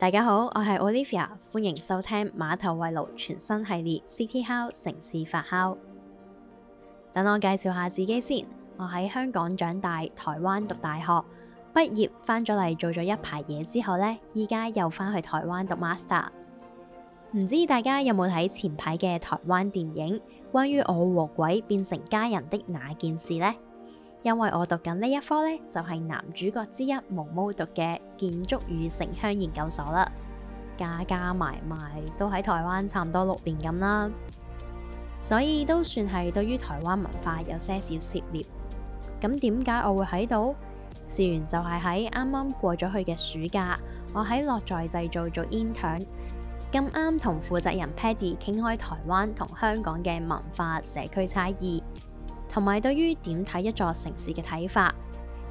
大家好，我係 Olivia，歡迎收聽馬頭圍爐全新系列《City How 城市發酵》。等我介紹下自己先，我喺香港長大，台灣讀大學，畢業翻咗嚟做咗一排嘢之後呢，依家又翻去台灣讀 Master。唔知大家有冇睇前排嘅台灣電影？關於我和鬼變成家人的那件事呢。因為我讀緊呢一科呢，就係男主角之一毛毛讀嘅建築與城鄉研究所啦。加加埋埋都喺台灣差唔多六年咁啦，所以都算係對於台灣文化有些少涉獵。咁點解我會喺度？事緣就係喺啱啱過咗去嘅暑假，我喺樂在製造做 intern，咁啱同負責人 Paddy 傾開台灣同香港嘅文化社區差異。同埋，對於點睇一座城市嘅睇法，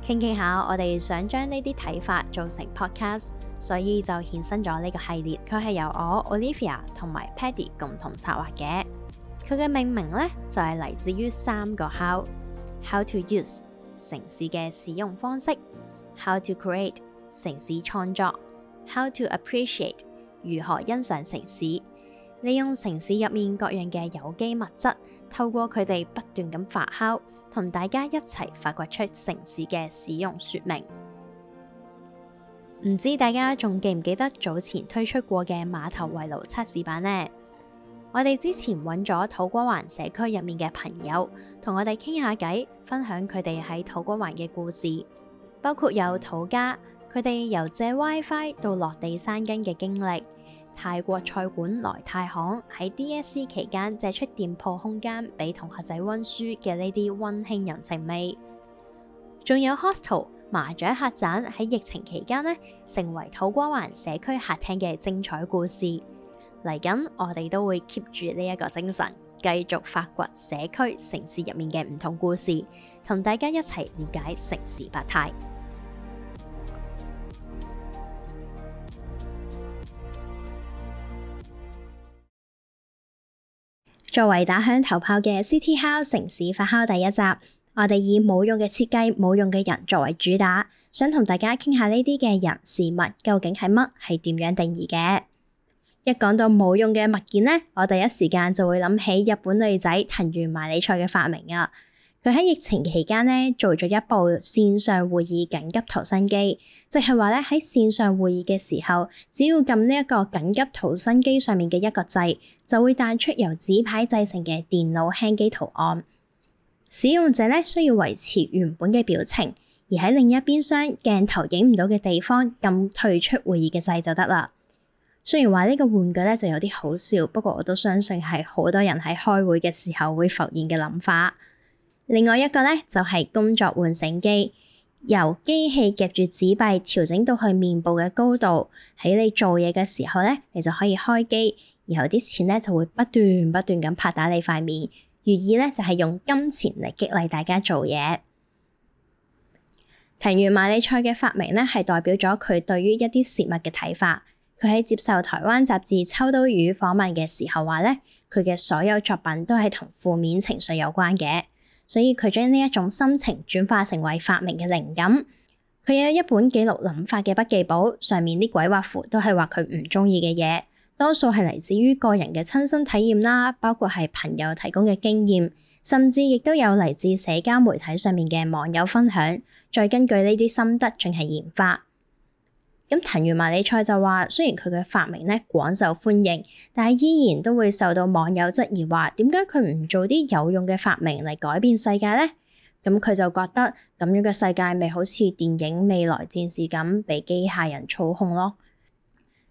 傾傾下。我哋想將呢啲睇法做成 podcast，所以就衍生咗呢個系列。佢係由我 Olivia 同埋 Paddy 共同策劃嘅。佢嘅命名呢，就係嚟自於三個 how：how to use 城市嘅使用方式，how to create 城市創作，how to appreciate 如何欣賞城市，利用城市入面各樣嘅有機物質。透過佢哋不斷咁發酵，同大家一齊發掘出城市嘅使用說明。唔知大家仲記唔記得早前推出過嘅馬頭圍爐測試版呢？我哋之前揾咗土瓜灣社區入面嘅朋友，同我哋傾下偈，分享佢哋喺土瓜灣嘅故事，包括有土家佢哋由借 WiFi 到落地生根嘅經歷。泰國菜館來泰行喺 DSC 期間借出店鋪空間俾同學仔溫書嘅呢啲溫馨人情味，仲有 hostel 麻雀客棧喺疫情期間呢，成為土瓜灣社區客廳嘅精彩故事。嚟緊我哋都會 keep 住呢一個精神，繼續發掘社區、城市入面嘅唔同故事，同大家一齊了解城市百態。作為打響頭炮嘅《City How 城市發酵》第一集，我哋以冇用嘅設計、冇用嘅人作為主打，想同大家傾下呢啲嘅人事物究竟係乜，係點樣定義嘅？一講到冇用嘅物件咧，我第一時間就會諗起日本女仔藤原麻里菜嘅發明啊！佢喺疫情期間咧做咗一部線上會議緊急逃生機，即係話咧喺線上會議嘅時候，只要撳呢一個緊急逃生機上面嘅一個掣，就會彈出由紙牌製成嘅電腦輕機圖案。使用者咧需要維持原本嘅表情，而喺另一邊廂鏡頭影唔到嘅地方撳退出會議嘅掣就得啦。雖然話呢個玩具咧就有啲好笑，不過我都相信係好多人喺開會嘅時候會浮現嘅諗法。另外一個咧，就係工作換成機，由機器夾住紙幣調整到去面部嘅高度，喺你做嘢嘅時候咧，你就可以開機，然後啲錢咧就會不斷不斷咁拍打你塊面，寓意咧就係用金錢嚟激勵大家做嘢。藤原麻里菜嘅發明咧，係代表咗佢對於一啲事物嘅睇法。佢喺接受台灣雜誌《秋刀魚》訪問嘅時候話咧，佢嘅所有作品都係同負面情緒有關嘅。所以佢將呢一種心情轉化成為發明嘅靈感。佢有一本記錄諗法嘅筆記簿，上面啲鬼畫符都係話佢唔中意嘅嘢，多數係嚟自於個人嘅親身體驗啦，包括係朋友提供嘅經驗，甚至亦都有嚟自社交媒體上面嘅網友分享，再根據呢啲心得進行研發。咁藤原麻里菜就話：雖然佢嘅發明呢廣受歡迎，但係依然都會受到網友質疑，話「點解佢唔做啲有用嘅發明嚟改變世界呢？」咁佢就覺得咁樣嘅世界咪好似電影《未來戰士》咁被機械人操控咯。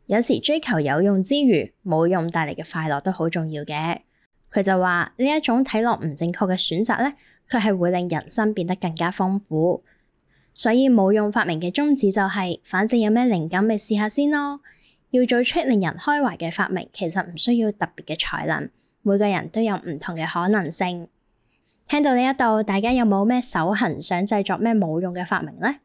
有時追求有用之餘，冇用帶嚟嘅快樂都好重要嘅。佢就話呢一種睇落唔正確嘅選擇呢，佢係會令人生變得更加豐富。所以冇用發明嘅宗旨就係，反正有咩靈感咪試下先咯。要做出令人開懷嘅發明，其實唔需要特別嘅才能，每個人都有唔同嘅可能性。聽到呢一度，大家有冇咩手痕想製作咩冇用嘅發明呢？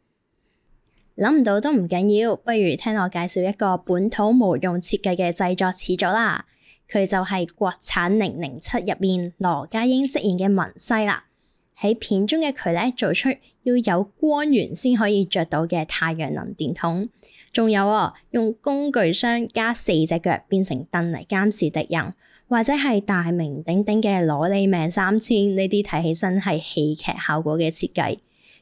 諗唔到都唔緊要，不如聽我介紹一個本土冇用設計嘅製作始祖啦。佢就係國產零零七入面羅家英飾演嘅文西啦。喺片中嘅佢咧，做出要有光源先可以着到嘅太陽能電筒，仲有啊，用工具箱加四隻腳變成凳嚟監視敵人，或者係大名鼎鼎嘅攞你命三千呢啲睇起身係戲劇效果嘅設計。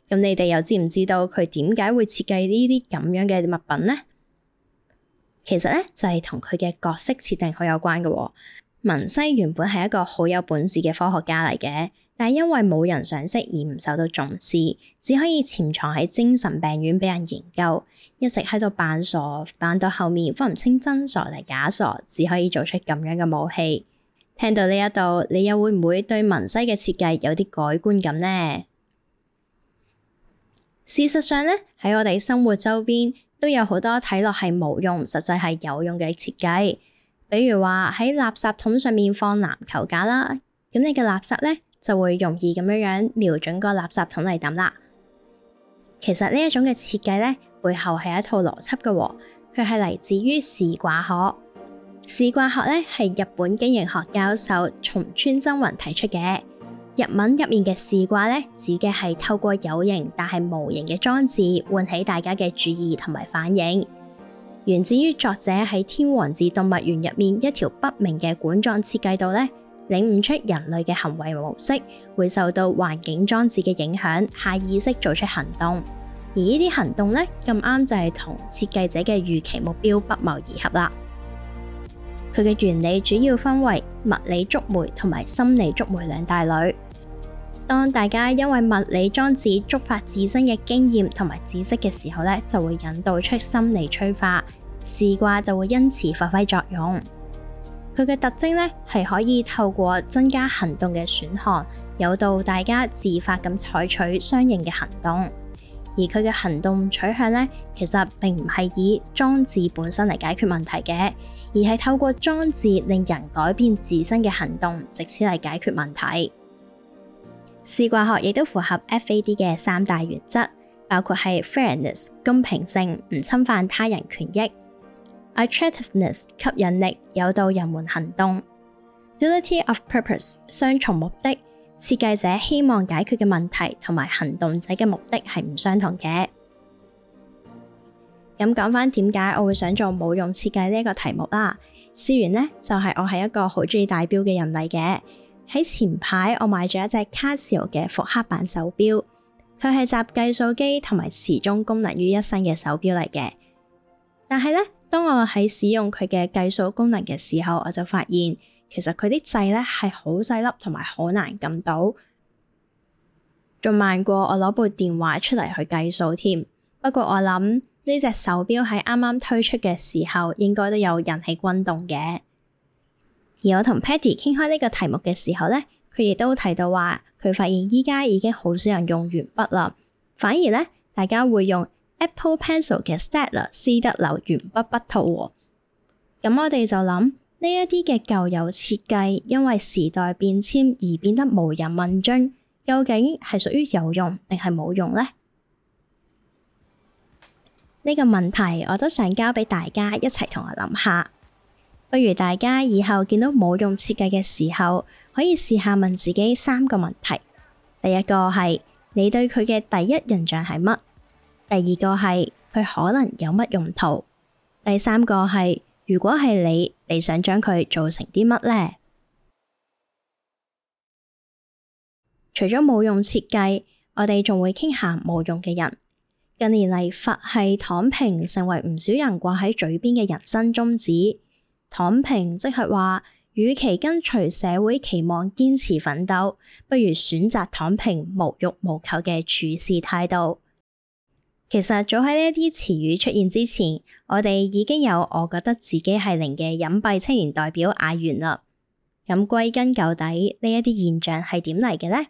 咁你哋又知唔知道佢點解會設計呢啲咁樣嘅物品呢？其實咧，就係同佢嘅角色設定好有關嘅，啊。文西原本係一個好有本事嘅科學家嚟嘅。但係因為冇人賞識而唔受到重視，只可以潛藏喺精神病院俾人研究，一直喺度扮傻，扮到後面分唔清真傻定假傻，只可以做出咁樣嘅武器。聽到呢一度，你又會唔會對文西嘅設計有啲改觀咁呢？事實上咧，喺我哋生活周邊都有好多睇落係冇用，實際係有用嘅設計，比如話喺垃圾桶上面放籃球架啦，咁你嘅垃圾咧？就會容易咁樣樣瞄準個垃圾桶嚟抌啦。其實呢一種嘅設計呢，背後係一套邏輯嘅，佢係嚟自於仕掛學。仕掛學呢係日本經營學教授松村真宏提出嘅。日文入面嘅仕掛呢，指嘅係透過有形但係無形嘅裝置，喚起大家嘅注意同埋反應。源自於作者喺天王寺動物園入面一條不明嘅管狀設計度呢。領悟出人類嘅行為模式，會受到環境裝置嘅影響，下意識做出行動，而呢啲行動呢，咁啱就係同設計者嘅預期目標不謀而合啦。佢嘅原理主要分為物理觸媒同埋心理觸媒兩大類。當大家因為物理裝置觸發自身嘅經驗同埋知識嘅時候呢，就會引導出心理催化，仕掛就會因此發揮作用。佢嘅特徵咧，係可以透過增加行動嘅選項，誘導大家自發咁採取相應嘅行動。而佢嘅行動取向咧，其實並唔係以裝置本身嚟解決問題嘅，而係透過裝置令人改變自身嘅行動，借此嚟解決問題。仕掛學亦都符合 FAD 嘅三大原則，包括係 fairness 公平性，唔侵犯他人權益。attractiveness 吸引力，誘導人們行動。duality of purpose 雙重目的，設計者希望解決嘅問題，同埋行動者嘅目的係唔相同嘅。咁講翻點解我會想做冇用設計呢一個題目啦？自然呢就係、是、我係一個好中意戴表嘅人嚟嘅。喺前排我買咗一隻卡西歐嘅復刻版手表，佢係集計數機同埋時鐘功能於一身嘅手表嚟嘅，但係呢。當我喺使用佢嘅計數功能嘅時候，我就發現其實佢啲掣咧係好細粒，同埋好難撳到，仲慢過我攞部電話出嚟去計數添。不過我諗呢隻手錶喺啱啱推出嘅時候，應該都有引起轟動嘅。而我同 Patty 傾開呢個題目嘅時候咧，佢亦都提到話，佢發現依家已經好少人用鉛筆啦，反而咧大家會用。Apple Pencil 嘅 Stellar 思得流不不筆套，咁我哋就諗呢一啲嘅舊有設計，因為時代變遷而變得無人問津，究竟係屬於有用定係冇用呢？呢、這個問題我都想交畀大家一齊同我諗下。不如大家以後見到冇用設計嘅時候，可以試下問自己三個問題：第一個係你對佢嘅第一印象係乜？第二個係佢可能有乜用途？第三個係如果係你，你想將佢做成啲乜咧？除咗冇用設計，我哋仲會傾下冇用嘅人。近年嚟，佛系躺平成為唔少人掛喺嘴邊嘅人生宗旨。躺平即係話，與其跟隨社會期望堅持奮鬥，不如選擇躺平、無欲無求嘅處事態度。其實早喺呢一啲詞語出現之前，我哋已經有我覺得自己係零嘅隱蔽青年代表阿元啦。咁歸根究底，呢一啲現象係點嚟嘅呢？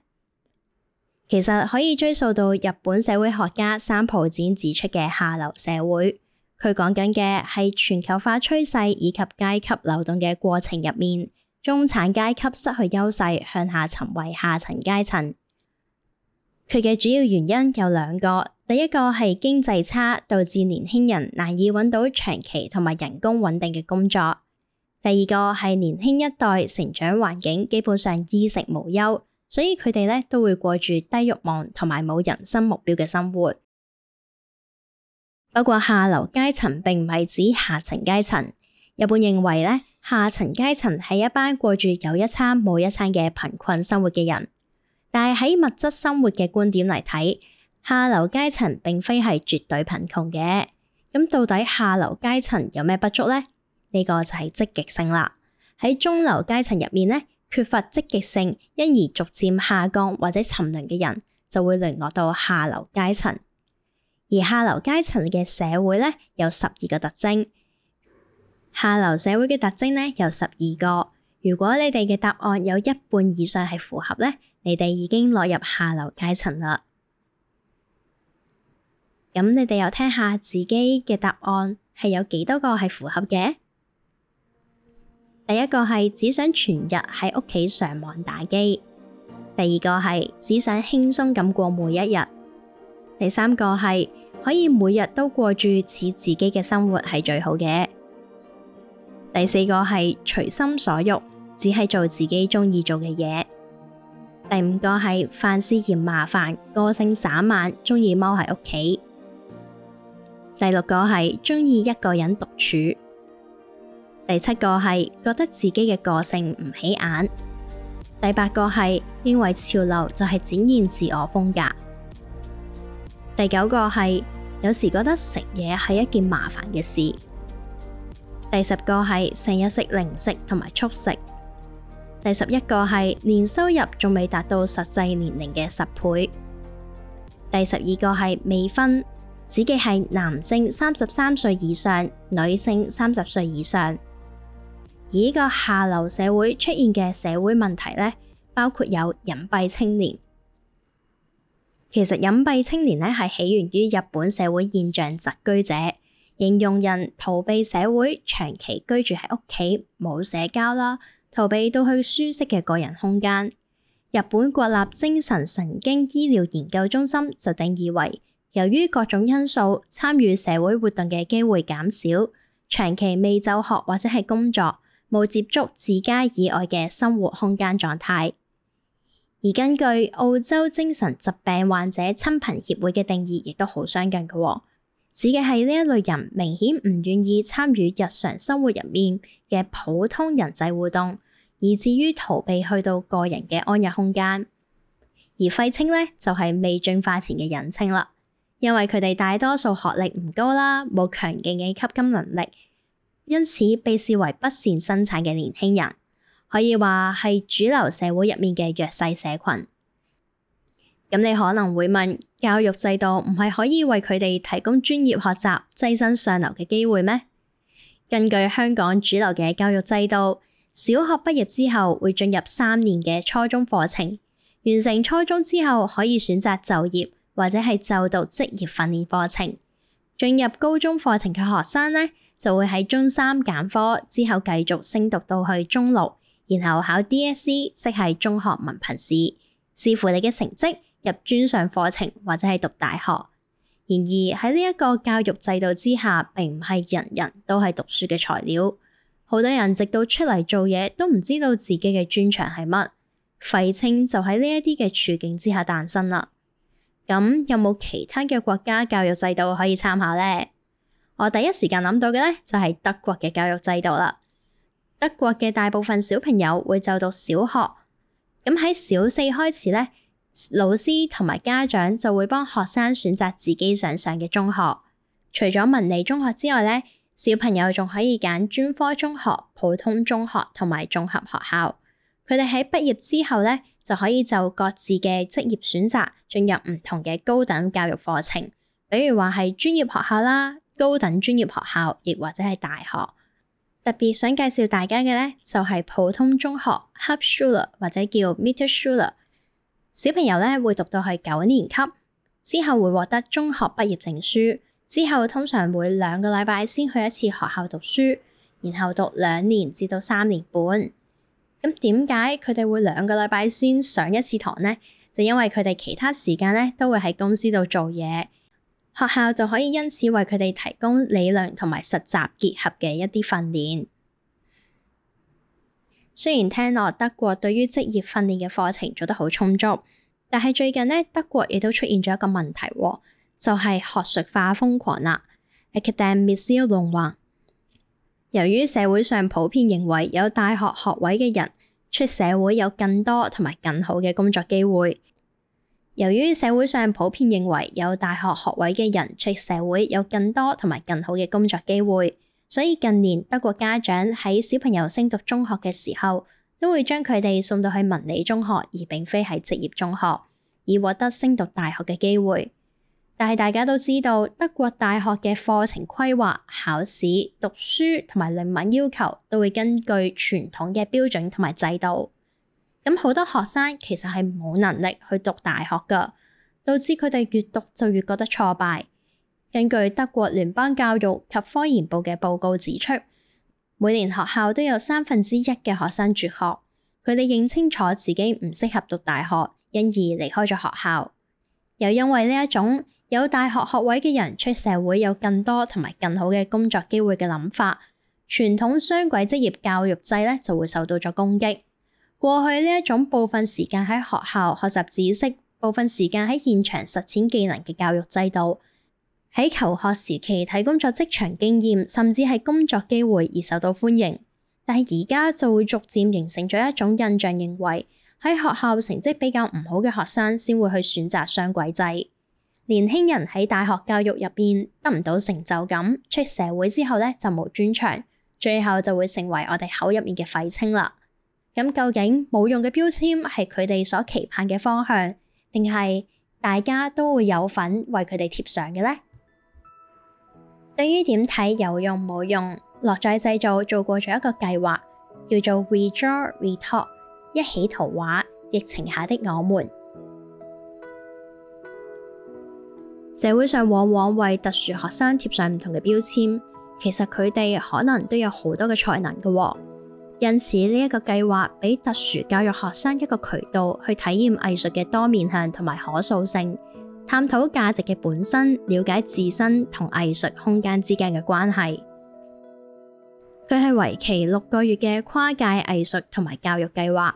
其實可以追溯到日本社會學家三浦展指出嘅下流社會。佢講緊嘅係全球化趨勢以及階級流動嘅過程入面，中產階級失去優勢，向下沉為下層階層。佢嘅主要原因有兩個。第一個係經濟差，導致年輕人難以揾到長期同埋人工穩定嘅工作。第二個係年輕一代成長環境基本上衣食無憂，所以佢哋咧都會過住低欲望同埋冇人生目標嘅生活。 不過下流階層並唔係指下層階層。日本認為咧，下層階層係一班過住有一餐冇一餐嘅貧困生活嘅人，但係喺物質生活嘅觀點嚟睇。下流階層並非係絕對貧窮嘅，咁到底下流階層有咩不足咧？呢、呢個就係積極性啦。喺中流階層入面咧，缺乏積極性，因而逐漸下降或者沉淪嘅人，就會淪落到下流階層。而下流階層嘅社會咧，有十二個特徵。下流社會嘅特徵咧有十二個。如果你哋嘅答案有一半以上係符合咧，你哋已經落入下流階層啦。咁你哋又聽下自己嘅答案係有幾多個係符合嘅？第一個係只想全日喺屋企上網打機；第二個係只想輕鬆咁過每一日；第三個係可以每日都過住似自,自己嘅生活係最好嘅；第四個係隨心所欲，只係做自己中意做嘅嘢；第五個係凡事嫌麻煩，個性散漫，中意踎喺屋企。第六個係中意一個人獨處，第七個係覺得自己嘅個性唔起眼，第八個係認為潮流就係展現自我風格，第九個係有時覺得食嘢係一件麻煩嘅事，第十個係成日食零食同埋速食，第十一個係年收入仲未達到實際年齡嘅十倍，第十二個係未婚。指嘅係男性三十三歲以上，女性三十歲以上。而呢個下流社會出現嘅社會問題咧，包括有隱蔽青年。其實隱蔽青年咧係起源於日本社會現象，蟄居者形容人逃避社會，長期居住喺屋企，冇社交啦，逃避到去舒適嘅個人空間。日本國立精神神經醫療研究中心就定義為。由於各種因素，參與社會活動嘅機會減少，長期未就學或者係工作，冇接觸自家以外嘅生活空間狀態。而根據澳洲精神疾病患者親朋協會嘅定義，亦都好相近㗎喎，指嘅係呢一類人明顯唔願意參與日常生活入面嘅普通人際互動，以至於逃避去到個人嘅安逸空間。而廢青呢就係、是、未進化前嘅隱青啦。因為佢哋大多數學歷唔高啦，冇強勁嘅吸金能力，因此被視為不善生產嘅年輕人，可以話係主流社會入面嘅弱勢社群。咁你可能會問，教育制度唔係可以為佢哋提供專業學習、躋身上流嘅機會咩？根據香港主流嘅教育制度，小學畢業之後會進入三年嘅初中課程，完成初中之後可以選擇就業。或者係就讀職業訓練課程，進入高中課程嘅學生咧，就會喺中三揀科之後繼續升讀到去中六，然後考 DSE，即係中學文憑試，視乎你嘅成績入專上課程或者係讀大學。然而喺呢一個教育制度之下，並唔係人人都係讀書嘅材料，好多人直到出嚟做嘢都唔知道自己嘅專長係乜，廢青就喺呢一啲嘅處境之下誕生啦。咁有冇其他嘅國家教育制度可以參考呢？我第一時間諗到嘅咧就係德國嘅教育制度啦。德國嘅大部分小朋友會就讀小學，咁喺小四開始咧，老師同埋家長就會幫學生選擇自己想上嘅中學。除咗文理中學之外咧，小朋友仲可以揀專科中學、普通中學同埋綜合學校。佢哋喺畢業之後咧。就可以就各自嘅職業選擇進入唔同嘅高等教育課程，比如話係專業學校啦、高等專業學校，亦或者係大學。特別想介紹大家嘅咧，就係普通中學 （Hauptschule） 或者叫 Mittelschule。小朋友咧會讀到去九年級之後，會獲得中學畢業證書。之後通常會兩個禮拜先去一次學校讀書，然後讀兩年至到三年半。咁點解佢哋會兩個禮拜先上一次堂呢？就因為佢哋其他時間咧都會喺公司度做嘢，學校就可以因此為佢哋提供理論同埋實習結合嘅一啲訓練。雖然聽落德國對於職業訓練嘅課程做得好充足，但係最近咧德國亦都出現咗一個問題，就係、是、學術化瘋狂啦。由於社會上普遍認為有大學學位嘅人出社會有更多同埋更好嘅工作機會，由於社會上普遍認為有大學學位嘅人出社會有更多同埋更好嘅工作機會，所以近年德國家長喺小朋友升讀中學嘅時候，都會將佢哋送到去文理中學，而並非係職業中學，以獲得升讀大學嘅機會。但係大家都知道，德國大學嘅課程規劃、考試、讀書同埋論文要求都會根據傳統嘅標準同埋制度。咁好多學生其實係冇能力去讀大學㗎，導致佢哋越讀就越覺得挫敗。根據德國聯邦教育及科研部嘅報告指出，每年學校都有三分之一嘅學生輟學，佢哋認清楚自己唔適合讀大學，因而離開咗學校，又因為呢一種。有大學學位嘅人出社會有更多同埋更好嘅工作機會嘅諗法，傳統雙軌職業教育制咧就會受到咗攻擊。過去呢一種部分時間喺學校學習知識，部分時間喺現場實踐技能嘅教育制度，喺求學時期提供咗職場經驗，甚至係工作機會而受到歡迎。但係而家就會逐漸形成咗一種印象，認為喺學校成績比較唔好嘅學生先會去選擇雙軌制。年輕人喺大學教育入邊得唔到成就感，出社會之後咧就冇專長，最後就會成為我哋口入面嘅廢青啦。咁究竟冇用嘅標籤係佢哋所期盼嘅方向，定係大家都會有份為佢哋貼上嘅咧？對於點睇有用冇用，樂在製造做過咗一個計劃，叫做 ReDraw ReTalk，一起圖畫疫情下的我們。社會上往往為特殊學生貼上唔同嘅標籤，其實佢哋可能都有好多嘅才能嘅。因此呢個計劃俾特殊教育學生一個渠道去體驗藝術嘅多面向同埋可塑性，探討價值嘅本身，了解自身同藝術空間之間嘅關係。佢係為期六個月嘅跨界藝術同埋教育計劃。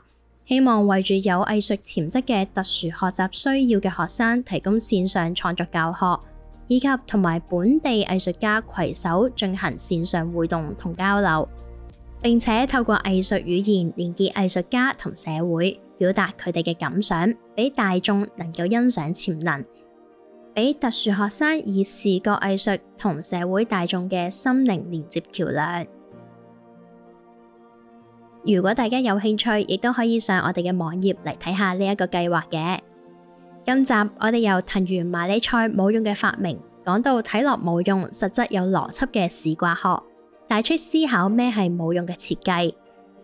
希望為住有藝術潛質嘅特殊學習需要嘅學生提供線上創作教學，以及同埋本地藝術家攜手進行線上互動同交流，並且透過藝術語言連結藝術家同社會，表達佢哋嘅感想，俾大眾能夠欣賞潛能，俾特殊學生以視覺藝術同社會大眾嘅心靈連接橋樑。如果大家有興趣，亦都可以上我哋嘅網頁嚟睇下呢一個計劃嘅。今集我哋由藤原麻里菜冇用嘅發明講到睇落冇用，實質有邏輯嘅仕掛學，帶出思考咩係冇用嘅設計，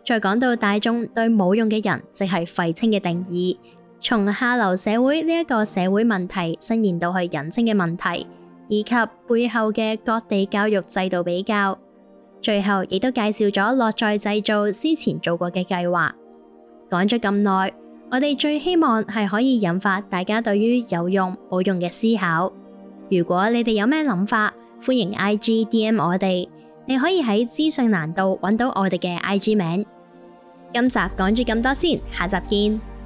再講到大眾對冇用嘅人即係廢青嘅定義，從下流社會呢一個社會問題，伸延到去人生嘅問題，以及背後嘅各地教育制度比較。最後亦都介紹咗樂在製造之前做過嘅計劃，講咗咁耐，我哋最希望係可以引發大家對於有用冇用嘅思考。如果你哋有咩諗法，歡迎 I G D M 我哋，你可以喺資訊欄度揾到我哋嘅 I G 名。今集講住咁多先，下集見。